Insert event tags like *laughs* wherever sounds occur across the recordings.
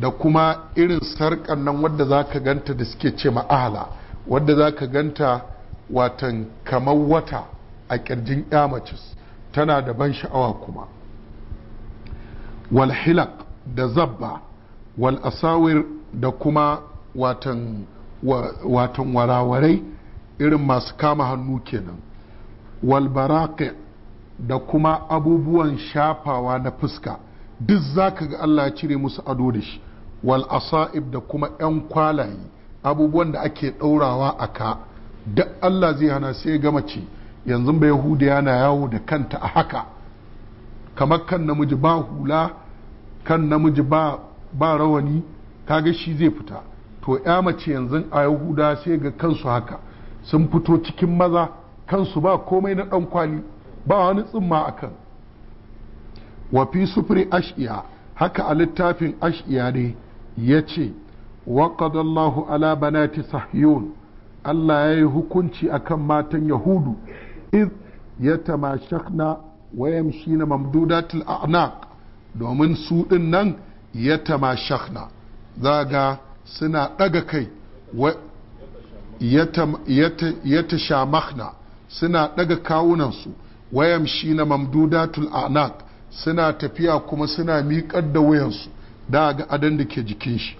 da kuma irin sarƙar nan wadda za ka ganta da suke ce ma'ala wadda za ka ganta watan kamar wata a ƙirjin yamacis tana da ban sha'awa kuma walhilak da zabba wal asawir da kuma watan warawarai irin masu kama hannu kenan wal baraqi da kuma abubuwan shafawa na fuska duk za ka ga Allah ya cire musu ado da shi wal asa'ib da kuma 'yan kwalaye abubuwan da ake ɗaurawa a ka duk Allah zai hana sai gama ce yanzu ba Yahuda na yawo da kanta a haka kamar kan namiji ba hula kan namiji ba ba rawani kaga shi zai fita to ya mace yanzu a yahuda sai ga kansu haka sun fito cikin maza kansu ba komai na ɗan kwali ba wani tsumma a kan wa fi sufuri ashiya haka a littafin ashiya ne ya ce waƙadallahu ala banati sahyun Allah ya yi hukunci akan matan yahudu iz ya tamashakna wa yamshi na a'naq domin su din nan ya tamashakna za ga suna daga kai ya tashamakna suna ɗaga kawunansu shi na mamdudatul a'naq suna tafiya kuma suna miƙar da wayansu da ga adan da ke jikin shi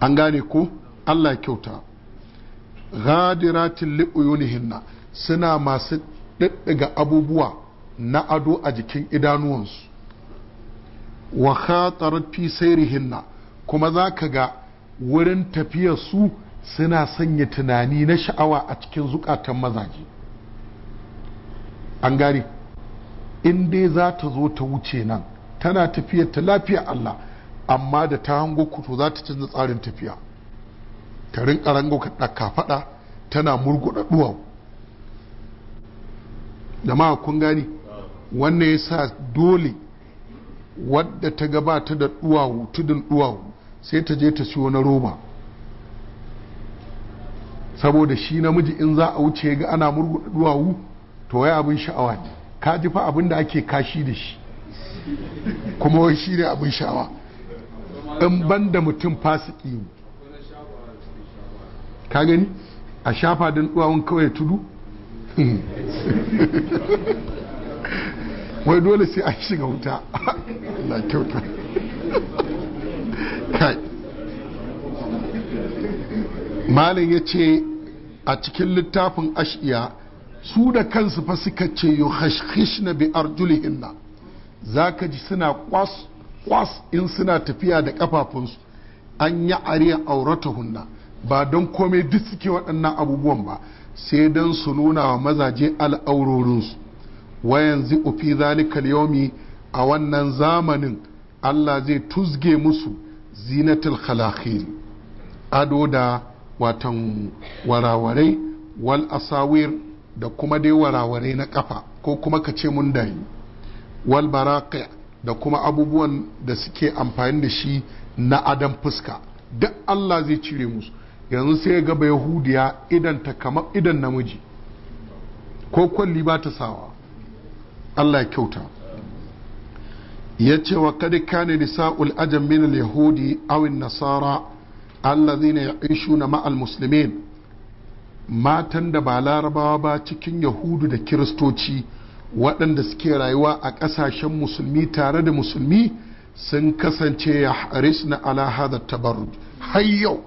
an gane ko Allah ya kyauta ghadiratin li'uyunihinna suna masu ɗiɗɗiga abubuwa na ado a jikin idanuwansu wa khatarat fi na. kuma za ka ga wurin tafiyarsu suna sanya tunani na sha'awa a cikin zukatan mazaje an gane in dai za ta zo ta wuce nan tana tafiyar ta lafiya Allah amma da ta hango kuto za ta canza tsarin tafiya ta rinka rango ka faɗa tana murguɗa duwawu ma kun gani wannan ya sa dole wadda ta gabata da duwawu tudun duwawu sai ta je ta siyo na roma saboda shi namiji in za a wuce ga ana murguɗa duwawu to wai abin sha'awa ka ji fa abin da ake kashi da shi kuma wai shi ne abin shawa in ban da mutum fasiki ka gani a shafa don duwawun kawai tudu *laughs* wai dole sai a shiga wuta na *laughs* kyauta *laughs* kai malin ya ce a cikin littafin ashiya su da kansu fa suka ce yi na bi arjulihinna za ka ji suna kwas kwas in suna tafiya da kafafunsu an yi ariyar aurata hunna ba don komai duk suke waɗannan abubuwan ba sai don su nuna wa mazaje al'aurorinsu wayan yanzu ufi zalika yomi a wannan zamanin Allah zai tuzge musu zinatul khalakhiri ado da watan warawarai wal asawir da kuma dai warawarai na kafa ko kuma ka ce mun dahi wal da kuma abubuwan da suke amfani da shi na adam fuska duk Allah zai cire musu yanzu sai ga gaba yahudiya idan ta kama idan namiji ko kwalli ba ta sawa Allah ya kyauta ya ce wa kada kane nisa'ul ajam min al-yahudi aw an-nasara allazina ya'ishuna ma'al muslimin matan da ba larabawa ba cikin yahudu da kiristoci waɗanda suke rayuwa a ƙasashen musulmi tare da musulmi sun kasance ya haris na alaha da tabarru har yau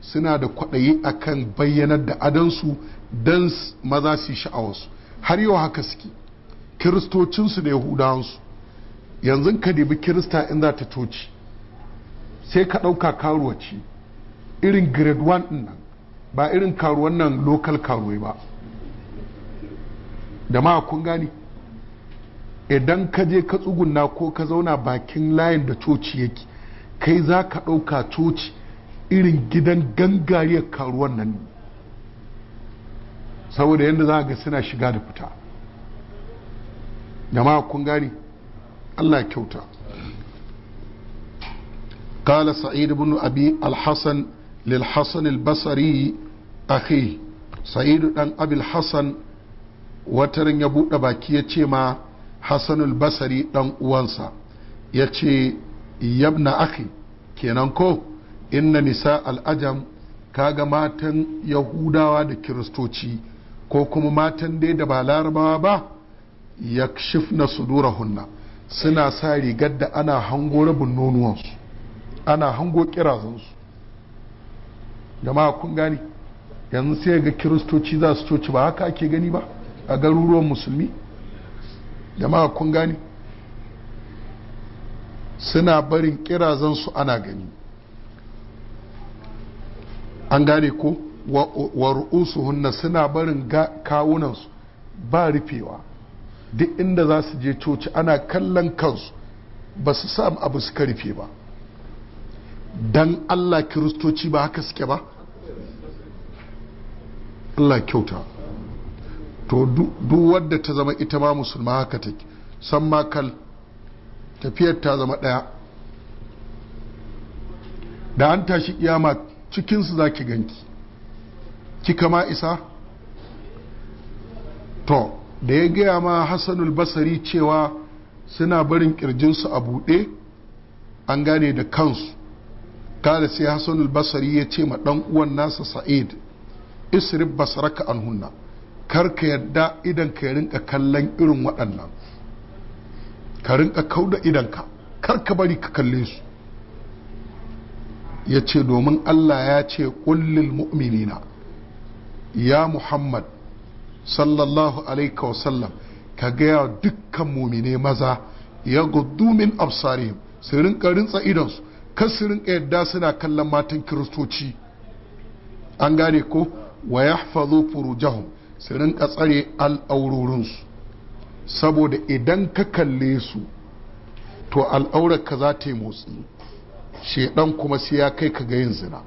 suna da kwaɗayi a kan bayyanar da adansu don maza su sha'awarsu har yau haka suke kiristocinsu da yahudawansu yanzu ka dibi kirista in za ta toci sai ka ɗauka karuwa irin grade 1 ɗin nan ba irin karuwan nan lokal karuwai ba da ma kun gani idan ka je ka tsuguna ko ka zauna bakin layin da coci yake kai za ka ɗauka coci irin gidan gangariyar karuwan nan ne saboda yadda za ga suna shiga da fita da kun gani allah kyauta قال سعيد بن أبي الحسن للحسن البصري أخيه سعيد بن أبي الحسن watarin ya buɗe baki ya ce ma hassanul basari ɗan uwansa ya ce yabna aki kenan ko inna nisa al'ajam kaga matan yahudawa da kiristoci ko kuma matan dai da ba larabawa ba ya shifna sudurahunna suna sa rigar da ana hango rabin nonuwansu ana hango kirazansu jama'a kun gani yanzu sai ga kiristoci za su coci ba haka ake gani ba a garuruwan musulmi jama'a kun gani suna barin kirazansu ana gani an gane ko wa hunna suna barin kawunansu ba rufewa duk inda za su je coci ana kallon kansu ba su sa abu suka rufe ba dan Allah kiristoci ba haka suke ba Allah kyauta to duk wadda ta zama ita ma musulma haka take san makal tafiyar ta zama ɗaya da an tashi kiyama cikinsu za ki ganki kika ma isa to da ya gaya ma hassanul basari cewa suna barin su a buɗe an gane da kansu kada sai hassanul basari ya ce ma ɗan uwan nasa sa'id isrib basaraka anhunna hunna kar ka yadda idan ka rinka kallon irin waɗannan ka rinka kauda idanka kar ka bari ka kalle su ya ce domin Allah ya ce ƙullin mu'minina ya Muhammad sallallahu alaika wasallam ka gaya dukkan mumine maza ya gudu min absarim su rinka rintsa idonsu kan su rinka yadda suna kallon matan kiristoci an gane ko wa yahfazu furujahum su rinka tsare al'aurorinsu saboda idan ka kalle su to al'aurarka za ta yi motsi shedan kuma sai ya kai ka ga yin zina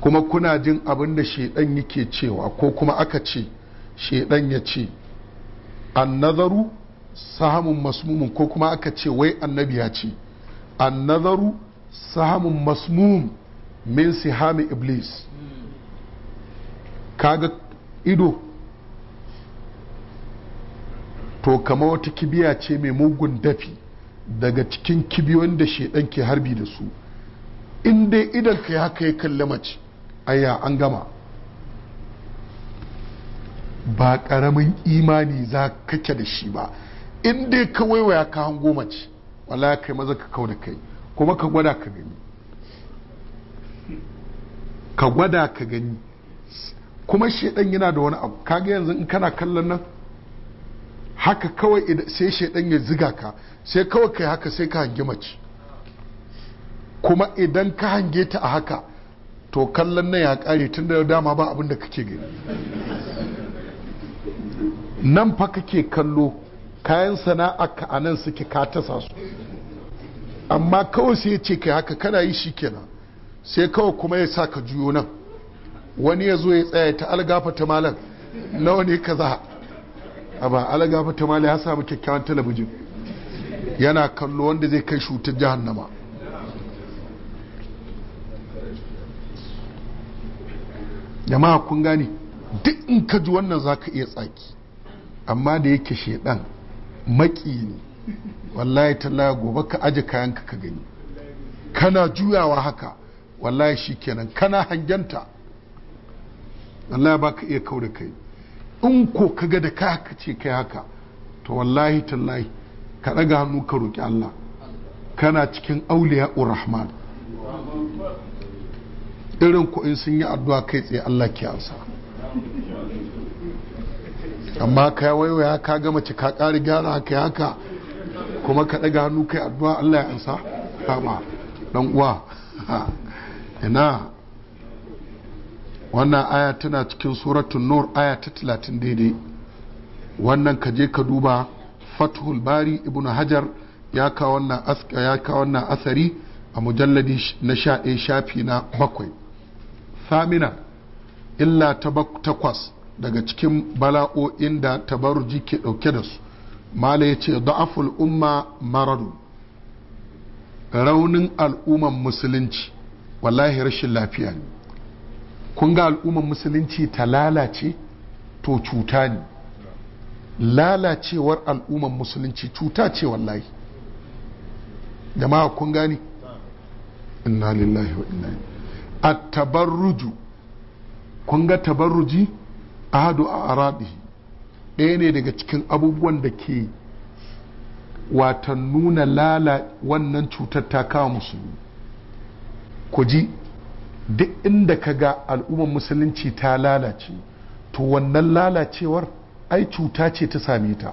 kuma kuna jin abin da shedan yake cewa ko kuma aka ce shedan ya ce annazaru sahamun masmumin ko kuma aka ce wai annabi ya ce annazaru sahamun masmum min sihami iblis kaga ido to kama wata kibiya ce mai mugun dafi daga cikin kibiyoyin da shedan ke harbi da su in dai idan ka haka ya kalli mace aya an gama ba karamin imani za kake da shi ba in dai ka waiwaya ka hango mace wala kai maza ka kau kai kuma ka gwada ka gani ka gwada ka gani kuma shedan yana da wani abu kaga yanzu in kana kallon nan haka kawai idan sai shedan ya ziga ka sai kawai kai haka sai ka hange mace kuma idan ka hange ta a haka to kallon nan ya kare tun da dama ba abin da kake gani nan fa kake kallo kayan sana'a ka a nan suke ka tasa su amma kawai sai ya ce kai haka kana yi shi kenan sai kawai kuma ya sa ka juyo nan wani ya zo ya tsaya ta algafa ta malam nawa ne kaza a ba algafa ta malam ya samu kyakkyawan talabijin yana kallo wanda zai kai shutar jahannama jama'a kun gani duk in ka ji wannan za ka iya tsaki amma da yake shaidan maki ne wallahi tallaya gobe ka aje kayanka ka gani kana juyawa haka wallahi shikenan kana hangenta wallahi ba ka iya kau da kai in ko ka ga da ka ce kai haka to wallahi tallahi ka ɗaga hannu ka roƙi Allah kana cikin auliya rahman irin ko in sun yi addu'a kai tsaye Allah ke ansa amma ka waiwaya ka ga mace ka ƙari gyara haka haka kuma ka ɗaga hannu kai addu'a Allah ya ansa ba wannan aya tana cikin suratun nur aya ta talatin daidai wannan ka je ka duba fathul bari ibn hajar ya kawo wannan asari a mujalladi na sha'e shafi na bakwai samina illa ta takwas daga cikin bala'o'in da tabarji ke ɗauke da su mala ya ce da'aful umma maradu raunin al'umman musulunci wallahi rashin lafiya ne kun ga al'ummar musulunci ta lalace to cuta ne lalacewar al'ummar musulunci cuta ce wallahi jama'a kun gani inna lillahi wa inna at tabarruju kun ga tabarruji ahadu a arabi ɗaya ne daga cikin abubuwan da ke watan nuna lala wannan cutar ta kawo musulmi ku ji duk inda ka ga al'ummar musulunci ta lalace to wannan lalacewar ai cuta ce ta same ta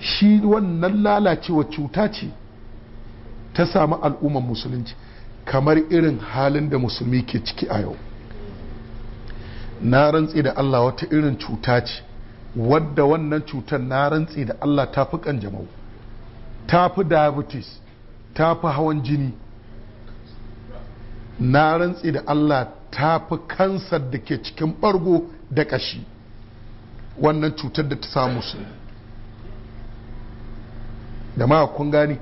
shi wannan lalacewar cuta ce ta sami al'ummar musulunci kamar irin halin da musulmi ke ciki a yau na rantse da Allah wata irin cuta ce wadda wannan cutar na rantse da Allah ta fi kanjamau ta fi diabetes ta fi hawan jini na rantsi da Allah ta fi kansar da ke cikin ɓargo da ƙashi wannan cutar da ta samu su ma kun gani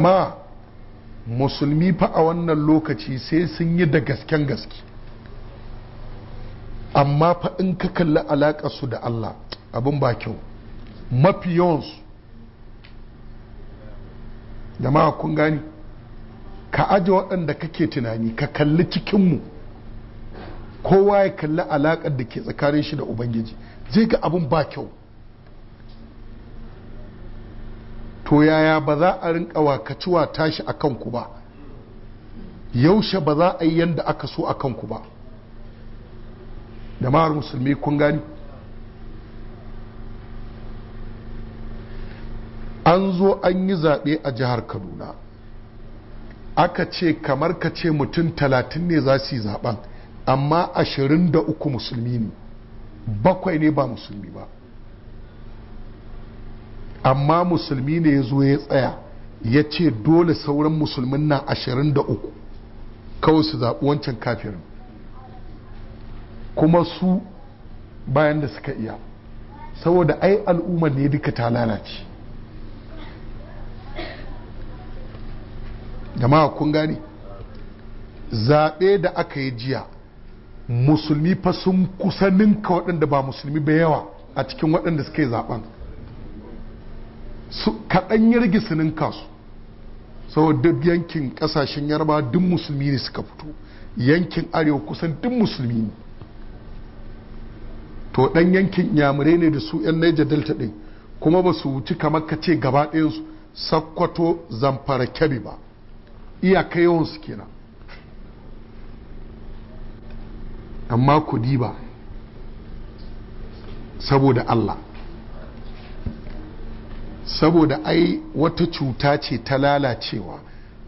ma musulmi fa a wannan lokaci sai sun yi da gasken gaske amma fa in ka kalli alaƙa su da Allah abin ba kyau mafi yawansu jama'a kun gani ka aje waɗanda kake tunani ka kalli cikinmu kowa ya kalli alaƙar da ke tsakanin shi da ubangiji zai ga abin ba kyau to yaya ba za a rinka wakaciwa tashi a kanku ba yaushe ba za a yi yadda aka so a kanku ba jama'ar musulmi kun gani an zo an yi zaɓe a jihar kaduna aka ce kamar ka ce mutum talatin ne za su yi zaɓen amma ashirin da uku musulmi ne bakwai ne ba musulmi ba amma musulmi ne ya zo ya tsaya ya ce dole sauran musulmin na ashirin da uku kawai su zaɓi wancan kafirin kuma su bayan da suka iya saboda ai al'ummar ne duka ta lalace jama'a kun gane zaɓe da aka yi jiya hmm. musulmi fa sun kusa ninka waɗanda ba musulmi ba yawa a cikin waɗanda suka yi zaɓen su kaɗan ya rage su ninka su saboda yankin ƙasashen yarba duk musulmi ne suka fito yankin arewa kusan duk musulmi ne to ɗan yankin yamurai ne da su 'yan naija delta ɗin kuma ba su wuci kamar ka ce gaba ɗayansu sakkwato zamfara kyabi ba Iya iyaka yawansu kenan amma ku diba saboda Allah saboda ai wata cuta ce ta lalacewa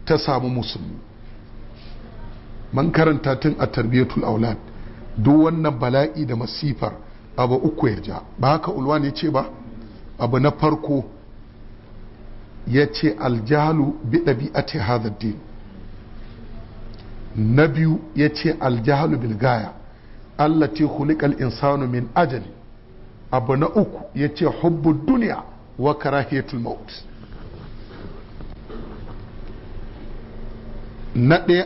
ta samu musulmi man karanta tun a tarbiyatul aulad duk wannan bala'i da masifar abu uku ya ja ba haka ulwa ne ce ba abu na farko ya ce aljahalu bi ɗabi'ati hadar din na biyu ya ce aljahalu bilgaya Allah allati hulikal insanu min ajali abu na uku ya ce hubbu duniya wa karahiyatul maut na ɗaya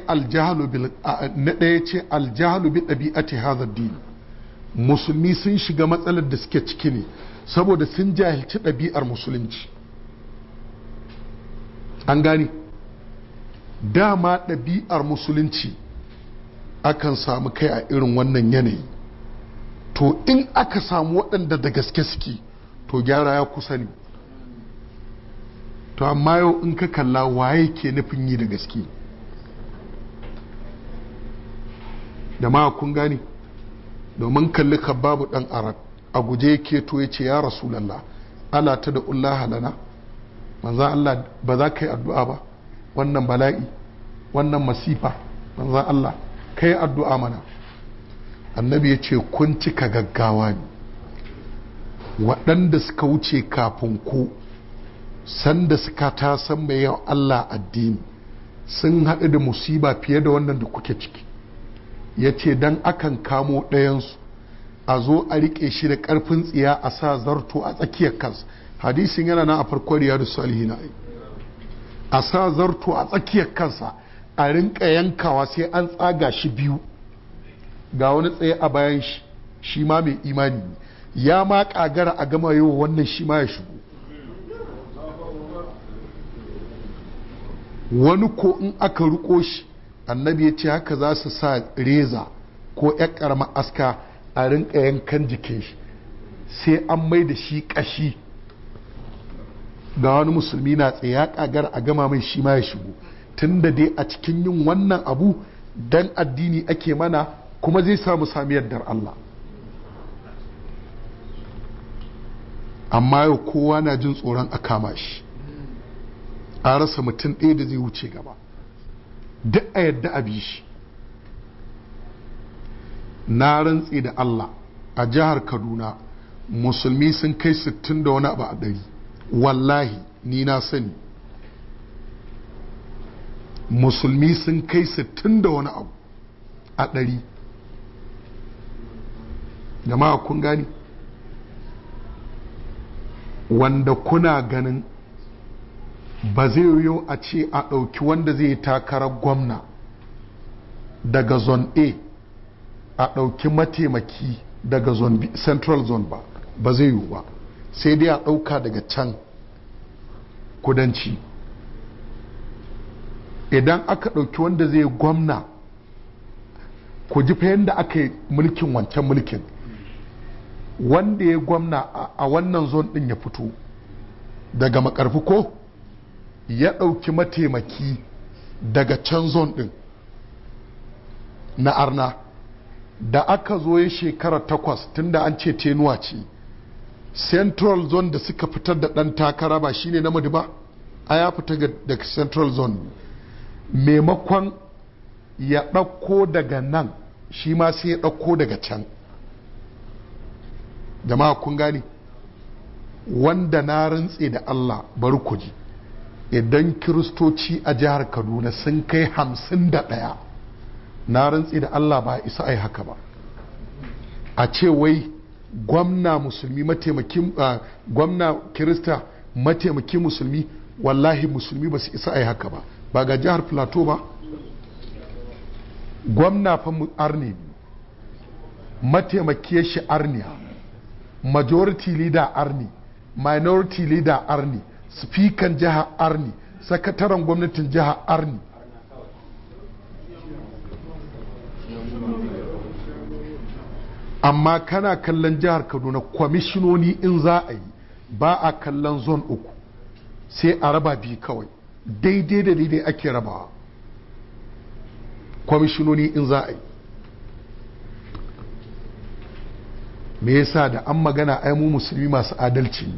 ce aljahalu bi ɗabi'ati haza din musulmi sun shiga matsalar da suke ciki ne saboda sun jahilci ɗabi'ar musulunci an gani dama ɗabi'ar musulunci akan samu kai a irin wannan yanayi to in aka samu waɗanda da gaske suke to gyara ya kusa ne to amma yau in ka kalla waye ke nufin yi da gaske da ma kun gani domin kalli babu ɗan arab a guje ke to ya ce ya rasulallah ala ta da ullaha lana manzan Allah ba za ka yi addu'a ba wannan bala'i wannan masifa manzan Allah ka yi addu'a mana annabi ya ce kun cika gaggawa ne waɗanda suka wuce kafin ku sanda suka ta san mai yau Allah addini sun haɗu da musiba fiye da wannan da kuke ciki ya ce don akan kamo ɗayansu a zo a riƙe shi da ƙarfin tsiya a sa zarto a tsakiyar kansa hadisin yana nan a farko na salihina a sa zarto a tsakiyar kansa a rinka yankawa sai an tsaga shi biyu ga wani tsaye a bayan shi shi ma mai imani ya ma kagara a gama yi wa wannan shi ma ya shigo wani ko in aka riko shi annabi ya ce haka za su sa reza ko ya karama aska a rinka yankan jikin shi sai an mai da shi kashi ga wani musulmi na tsaya kagar a gama mai shi ma ya shigo tun da dai a cikin yin wannan abu dan addini ake mana kuma zai samu sami yardar Allah amma yau kowa na jin tsoron a kama shi a rasa mutum ɗaya da zai wuce gaba duk a yadda a bi shi na rantse da Allah a jihar Kaduna musulmi sun kai sittin da wani abu a ɗari wallahi ni na sani musulmi sun kai sittin da wani abu a ɗari jama'a kun gani wanda kuna ganin ba zai yiwu a ce a ɗauki wanda zai takarar gwamna daga zon a a ɗauki mataimaki daga central zone ba ba zai yiwu ba sai dai a ɗauka daga can kudanci idan aka ɗauki wanda zai gwamna ku ji fa yadda aka yi mulkin wancan mulkin wanda ya gwamna a wannan zon ɗin ya fito daga makarfi ko ya ɗauki mataimaki daga can zon ɗin na arna da aka zo ya shekara takwas tunda an ce tenuwa ce central zone da suka fitar da ɗan takara ba shine na ba a ya fita daga central zone maimakon ya ɗauko daga nan shi ma sai ya ɗauko daga can jama'a kun gani wanda na rantse da allah bari ku ji idan kiristoci a jihar kaduna sun kai hamsin da ɗaya na rantse da allah ba isa a yi haka ba a ce wai gwamna musulmi mataimakin ah, gwamna kirista mataimakin musulmi wallahi musulmi ba su isa a yi haka ba ba ga jihar plateau ba gwamna fa arni mataimakiyar shi arniya majority leader arni minority leader arni sifikan jiha arni sakataren gwamnatin jiha arni amma kana kallon jihar kaduna kwamishinoni in za a yi ba a kallon zon uku sai a raba biyu kawai daidai da daidai ake rabawa kwamishinoni in za a yi me yasa da an magana ai mu musulmi masu adalci ne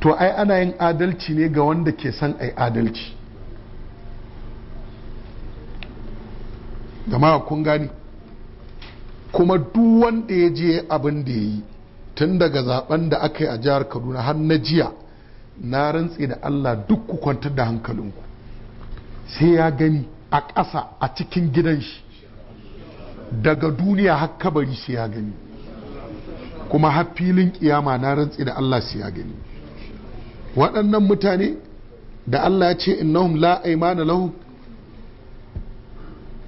to ai ana yin adalci ne ga wanda ke son ai adalci gama kun gani kuma duk wanda ya je abin da ya yi tun daga zaben da aka yi a jihar kaduna har na jiya na rantse da allah duk ku kwantar da hankalinku sai ya gani a ƙasa a cikin gidan shi daga duniya har kabari sai ya gani kuma har filin kiyama na rantse da allah sai ya gani waɗannan mutane da allah ya ce innahum la aimana lahum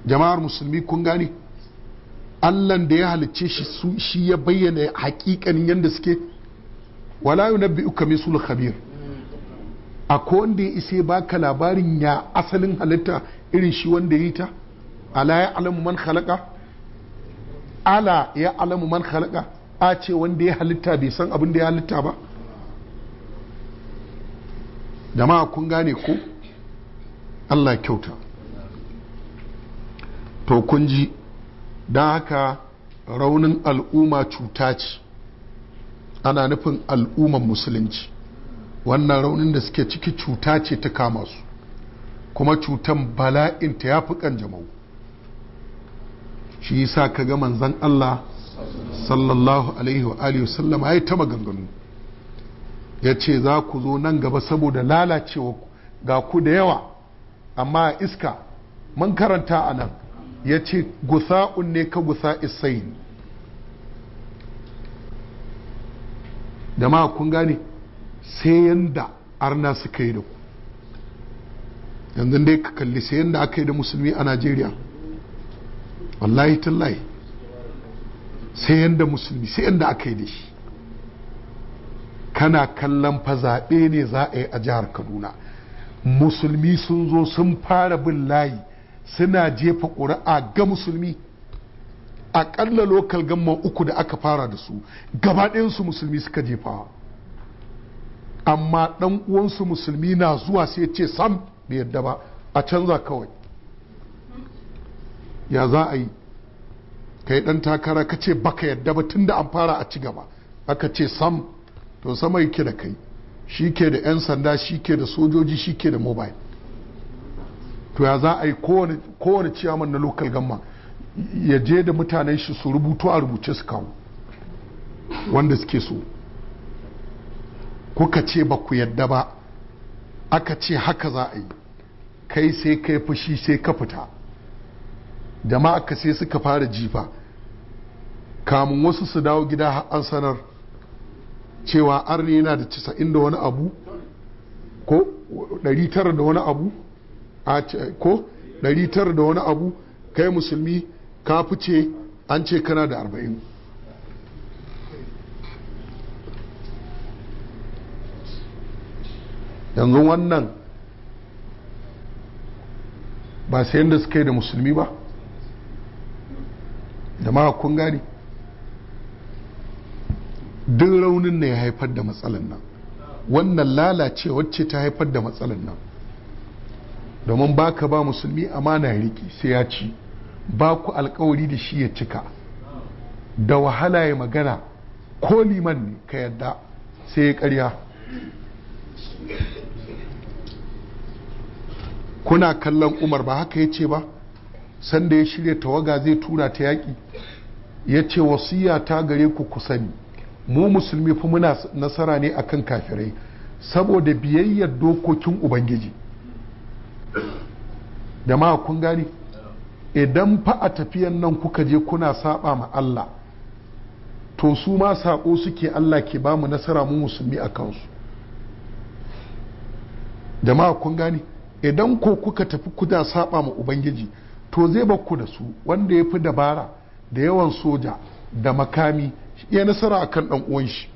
jama'ar musulmi kun gani allan da ya halicce shi shi ya bayyana hakikanin yadda suke wala yunabbi uka misul khabir akwai wanda ya isa baka labarin ya asalin halitta irin shi wanda yi ta ala ya alamu man ala ya alamu man khalaqa a ce wanda ya halitta bai san abin da ya halitta ba jama'a kun gane ko Allah kyauta to kun ji don haka raunin al'umma cuta ce ana nufin al'umman musulunci wannan raunin da suke ciki cuta ce ta kama su kuma cutan bala'in ta ya fi jama'u shi sa ka ga manzan Allah sallallahu alaihi wa alihi sallam ya ta maganganu ya ce za ku zo nan gaba saboda lalacewa ga ku da yawa amma iska mun karanta a nan ya ce gusa'un ne ka gusa isain da ma kun gane sai yanda arna suka yi da ku yanzu dai ka kalli sai yanda aka yi da musulmi a najeriya wallahi tallahi sai yanda musulmi sai yanda aka yi da shi kana kallon fa zaɓe ne za a yi a jihar kaduna musulmi sun zo sun fara bin layi suna jefa ƙuri'a ga musulmi aƙalla lokal gamma uku da aka fara da su gaba su musulmi suka jefawa amma ɗan uwansu musulmi na zuwa sai ce sam bai yadda ba a canza kawai ya za a yi ka yi ɗan takara ka ce baka yadda ba tun da an fara a ci gaba aka ce sam to sama yake da kai shi ke da 'yan sanda shi ke da sojoji shi ke da mobile to ya za a yi kowane ciyaman na lokal gamma ya je da mutanen shi su rubutu a rubuce su kawo wanda suke so kuka ce ba ku yadda ba aka ce haka za a yi kai sai kai fushi sai ka fita jama'a ka sai suka fara jifa kamun wasu su dawo gida an sanar cewa arni yana da cisa da wani abu ko 900 da wani abu ko ko tara da wani abu kai musulmi ka fice an ce kana da arba'in? yanzu wannan ba sai yadda suka yi da musulmi ba da ma kun gani duk raunin ne ya haifar da matsalan nan wannan lalacewar ce ta haifar da matsalan nan domin ba ka ba musulmi amana ya riƙe sai ya ci ba ku alkawari da shi ya cika da wahala ya magana ko liman ne ka yadda sai ya karya kuna kallon umar ba haka ya ce ba sanda ya shirya tawaga zai tura ta yaƙi ya ce wasiya ta gare ku ku sani mu musulmi fi muna nasara ne akan kafirai saboda biyayyar dokokin ubangiji jama'a kun gani idan fa a tafiyan nan kuka je kuna saba ma Allah to su ma sako suke Allah ke ba mu nasara mu musulmi a kansu jama'a kun gani idan ko kuka tafi kuna saba ma ubangiji to zai bakku da su wanda ya fi dabara da yawan soja da makami ya nasara akan ɗan uwan shi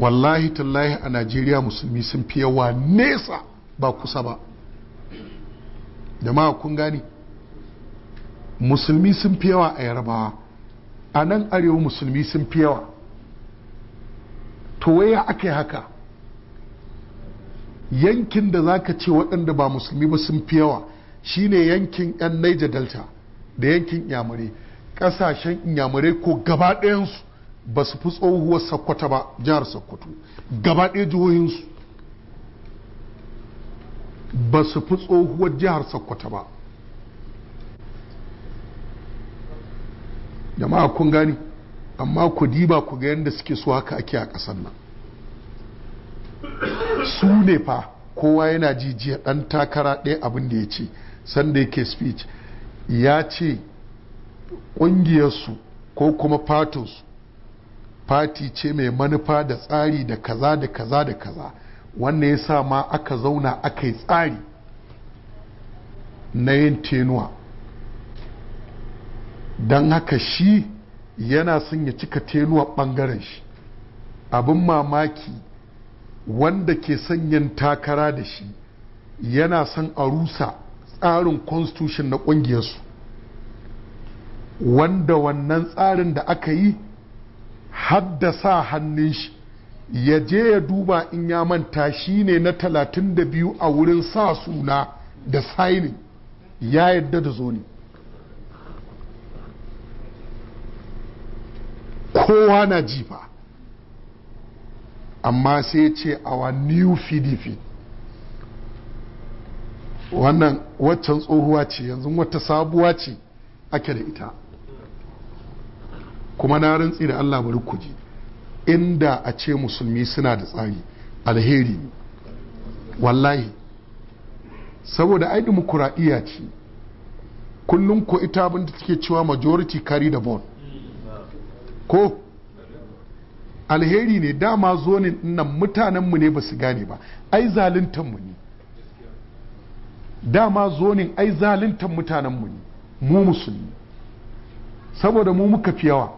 wallahi tallahi a najeriya musulmi sun fi yawa nesa ba kusa ba jama'a kun gani musulmi sun fi yawa a yarbawa a nan arewa musulmi sun fi yawa to waya aka yi haka yankin da zaka ce waɗanda ba musulmi ba sun fi yawa shine yankin 'yan Naija delta da yankin yamurai ƙasashen yamurai ko gabaɗayansu. ba su fi tsohuwar sakkwata ba jihar sakkwato Gabaɗaya jihohinsu ba su fi tsohuwar jihar sokoto ba jama'a kun gani amma ku diba ku ga yadda suke so haka ake a ƙasar nan su ne fa kowa yana jijiya ɗan takara ɗaya abin da ya ce sanda yake speech ya ce ƙungiyarsu ko kuma fatos fati ce mai manufa da tsari da kaza da kaza da kaza wanda ya sa ma aka zauna aka yi tsari na yin tenuwa don haka shi yana son ya cika tenuwa ɓangaren shi abin mamaki wanda ke sanyin takara da shi yana son a rusa tsarin constitution na ƙungiyarsu wanda wannan tsarin da aka yi haddasa hannun shi ya je ya duba in ya manta shi ne na talatin da biyu a wurin sa suna da saini ya yadda da zo kowa na jifa amma sai ce our new pdp wannan waccan tsohuwa ce yanzu wata sabuwa ce ake da ita kuma na rantsi da allah bari kuji ji inda a ce musulmi suna da tsari alheri wallahi saboda ai dimokuraɗiyya ce kullum ko ita abinda take cewa majority carry the ball ko alheri ne dama zonin nan mutanenmu ne ba su gane ba ai zaluntanmu ne dama zonin ai zaluntan mutanenmu ne mu musulmi saboda mu muka fi yawa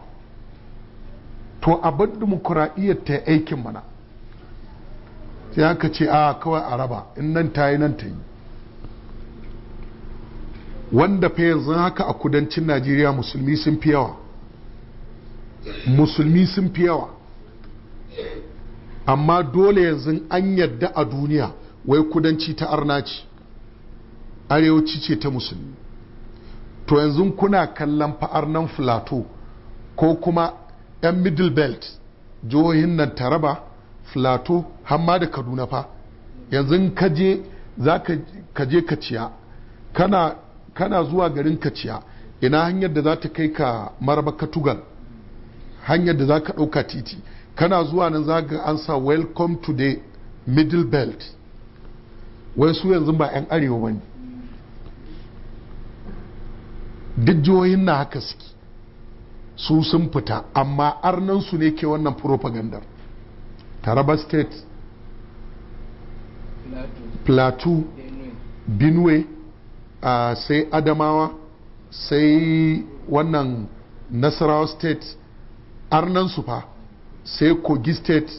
to abin dimokuraɗiyyar ta aikin mana sai aka ce a kawai a raba in nan ta yi nan ta yi wanda fa yanzu haka a kudancin najeriya musulmi sun fi yawa musulmi sun fi yawa amma dole yanzu an yadda a duniya wai kudanci ta arnaci arewaci ce ta musulmi to yanzu kuna kallon fa'ar nan filato ko kuma 'yan middle belt jihohin nan taraba filato hamma da kaduna fa yanzu kaje za ka je kaciya kana, kana zuwa garin kaciya ina hanyar da za ta kai ka maraba katugal hanyar da za ka ɗauka titi kana zuwa nan za ga an sa welcome to the middle belt wai su yanzu ba 'yan arewa wani duk jihohin na haka suke su sun fita amma arnan su ne ke wannan propagandar taraba state plateau benue uh, sai adamawa sai wannan nasarawa state arnan su fa sai kogi state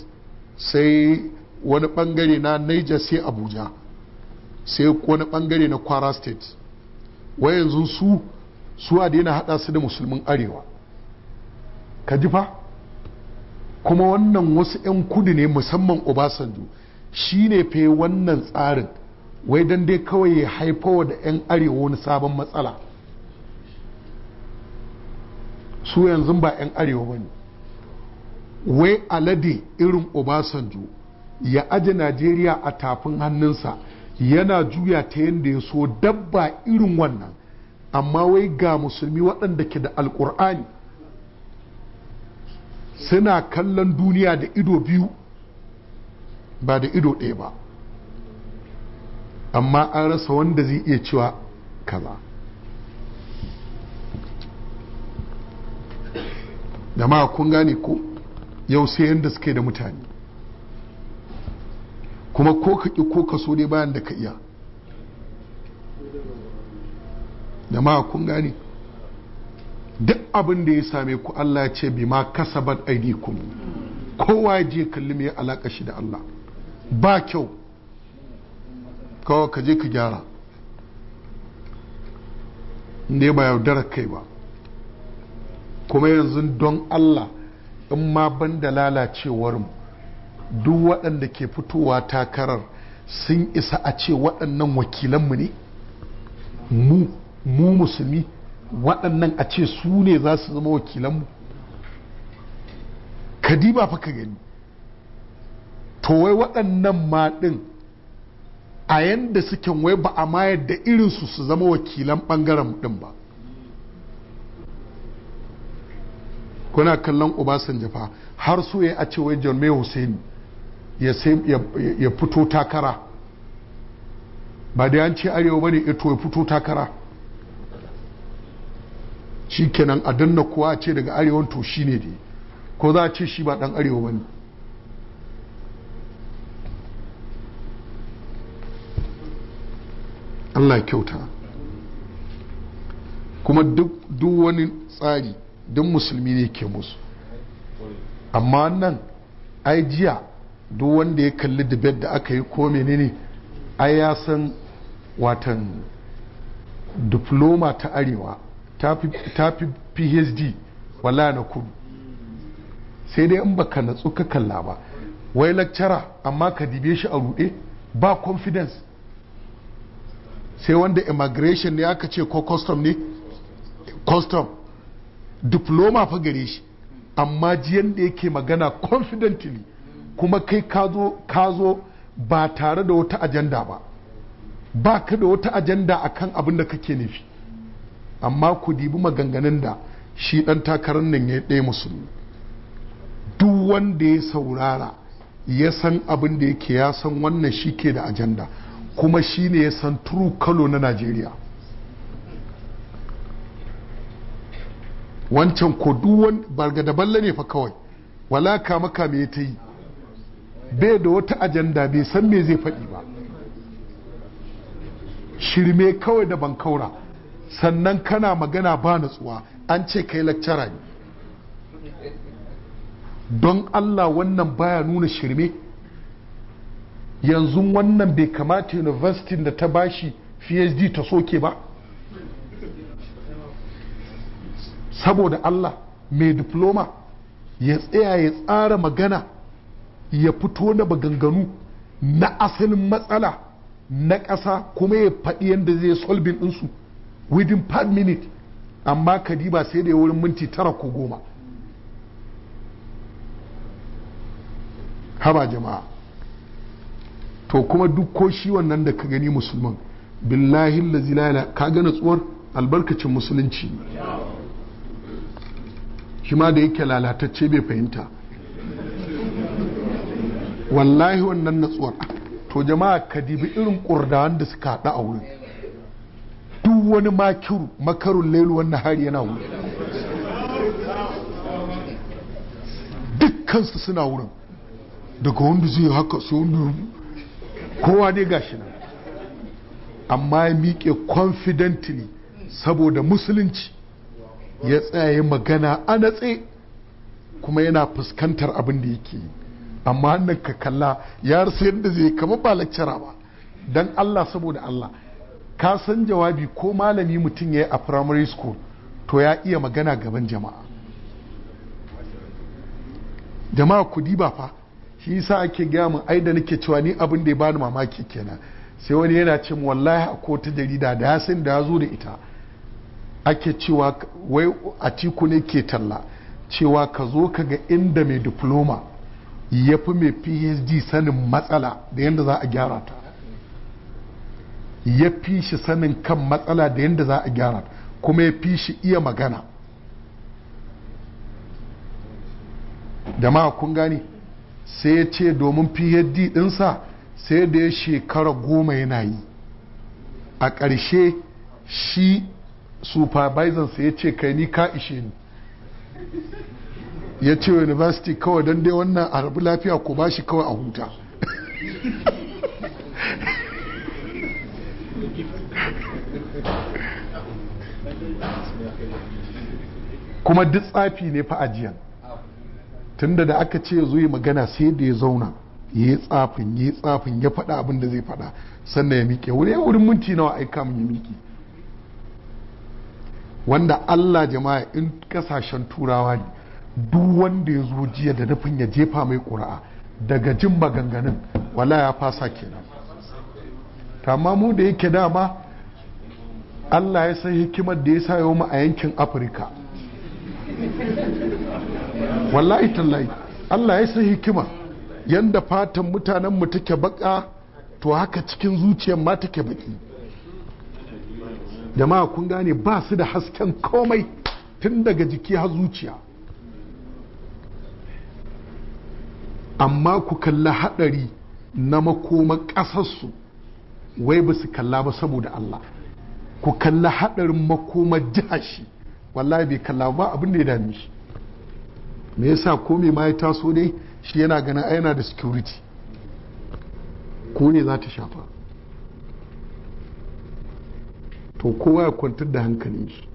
sai wani bangare na Naija sai abuja sai wani bangare na kwara state wayanzu su su a daina hada su da musulmin arewa ka ji fa kuma wannan wasu 'yan kudi ne musamman obasanjo shi ne fe wannan tsarin wai don dai kawai ya haifawa da 'yan arewa wani sabon matsala su yanzu ba 'yan arewa ba ne wai alade irin obasanjo ya aje najeriya a tafin hannunsa yana juya ta yadda ya so dabba irin wannan amma wai ga musulmi waɗanda ke da alƙur'ani suna kallon duniya da ido biyu ba da ido ɗaya ba amma an rasa wanda zai iya cewa kaza ma kun gane ko yau sai yadda suke da mutane kuma ko ka ƙi ko ka so dai bayan da ka iya ma kun gane duk abin da ya same ku Allah ya ce bi ma kasabat aidikum kowa ya je kalli mai alaka shi da Allah ba kyau kawai ka je ka gyara ne ba yaudarar kai ba kuma yanzu don Allah in ma ban da lalacewar mu duk waɗanda ke fitowa takarar sun isa a ce waɗannan wakilanmu ne mu musulmi waɗannan a ce su ne za su zama wakilanmu kadiba fa ka gani to wai waɗannan maɗin. ɗin a yadda suke wai ba a ma yadda irinsu su zama wakilan ɓangaren ɗin ba kuna kallon obasanjo fa har so ya ce wai john may hussein ya fito takara ba da yanci arewa ne ito eh ya fito takara shi kenan a danna kuwa ce daga arewa to shi ne dai ko za ce shi ba dan arewa ba ne allah kyauta kuma duk wani tsari duk musulmi ne ke musu amma nan aijiya jiya duk wanda ya kalli dubet da aka yi ko menene ai ya san watan diploma ta arewa ta fi phd wala na kudu sai dai in baka natsu ka kalla ba wai lakcara amma ka dibe shi a rude ba confidence sai wanda immigration ne aka ce ko custom ne custom diploma fa gare shi amma jiyan da yake magana confidently kuma kai ka zo ba tare da wata ajanda ba ba ka da wata ajanda akan abin da kake nufi amma ku dibi maganganun da shi ɗan takarar nan ya ɗaya musulmi duk wanda ya saurara ya san abin da yake ya san wannan shi ke da ajanda kuma shi ne ya san turu kalo na najeriya wancan ko duwan balla ne fa kawai wala kama ya ta yi bai da wata ajanda bai san me zai faɗi ba shirme kawai da bankaura sannan kana magana ba natsuwa an ce kai lakcara ne don allah wannan baya nuna shirme yanzu wannan bai kamata university da ta bashi phd ta soke ba saboda allah mai diploma ya tsaya ya tsara magana ya fito da maganganu na asalin matsala na ƙasa kuma ya faɗi yadda zai solbin ɗinsu within 5 minutes amma kadiba sai da wurin minti tara ko goma haba jama'a to kuma duk ko shi wannan da ka gani musulman billahi lazilala ka gana tsuwar albarkacin musulunci shi ma da yake lalatacce bai fahimta wallahi wannan natsuwar to jama'a ka dibi irin ƙurdawan da suka haɗu a wurin wani makiru makarun lailu na hari yana wuri dukkansu suna wurin daga wanda zai haka su wanda kowa ne gashi nan amma ya miƙe confidently saboda musulunci ya tsaye magana a natse kuma yana fuskantar abin da yake yi amma hannun ka kalla ya rasa yadda zai kama ba lakcara ba don Allah saboda Allah ka san jawabi ko malami mutum ya yi a primary school to ya iya magana gaban jama'a jama'a kudi ba fa shi yasa ake gaya min ai da nake cewa ni abin da ya bani mamaki kenan sai wani yana ce wallahi ko ta jarida da ya san da ya zo da ita ake cewa wai a tiku ne ke talla cewa ka zo ka ga inda mai diploma ya fi mai phd sanin matsala da yadda za a gyara ta ya fi shi sanin kan matsala da yadda za a gyara kuma ya fi shi iya magana da kun gani sai ya ce domin phd dinsa sai da ya shekara goma yana yi a ƙarshe shi supervisor sai ya ce kai ni ka ishe ni ya ce university kawai don dai wannan a rabu lafiya ko ba shi kawai a huta *laughs* kuma duk tsafi ne fa ajiyan tunda da aka ce zo yi magana sai da ya zauna ya yi tsafin ya yi tsafin ya faɗa abin da zai faɗa sannan ya miƙe wuri ya wurin minti nawa aika mun ya miƙe wanda Allah jama'a in kasashen turawa ne duk wanda ya zo jiya da nufin ya jefa mai ƙura'a daga jin maganganun wala ya fasa kenan amma mu da yake dama Allah ya san hikimar da ya sa yau a yankin Afirka wallahi tallahi Allah ya san hikima yanda fatan mutanen mu take baka to haka cikin zuciyar ma take baki jama'a kun gane ba su da hasken komai tun daga jiki har zuciya amma ku kalla haɗari na makoma ƙasarsu wai ba su kalla ba saboda Allah ku kalla hadarin makoma shi wallahi bai kalla ba abin da ya dame shi me yasa ko me ma ya taso dai shi yana ganin ai yana da security ko ne za ta shafa to kowa ya kwantar da hankalin shi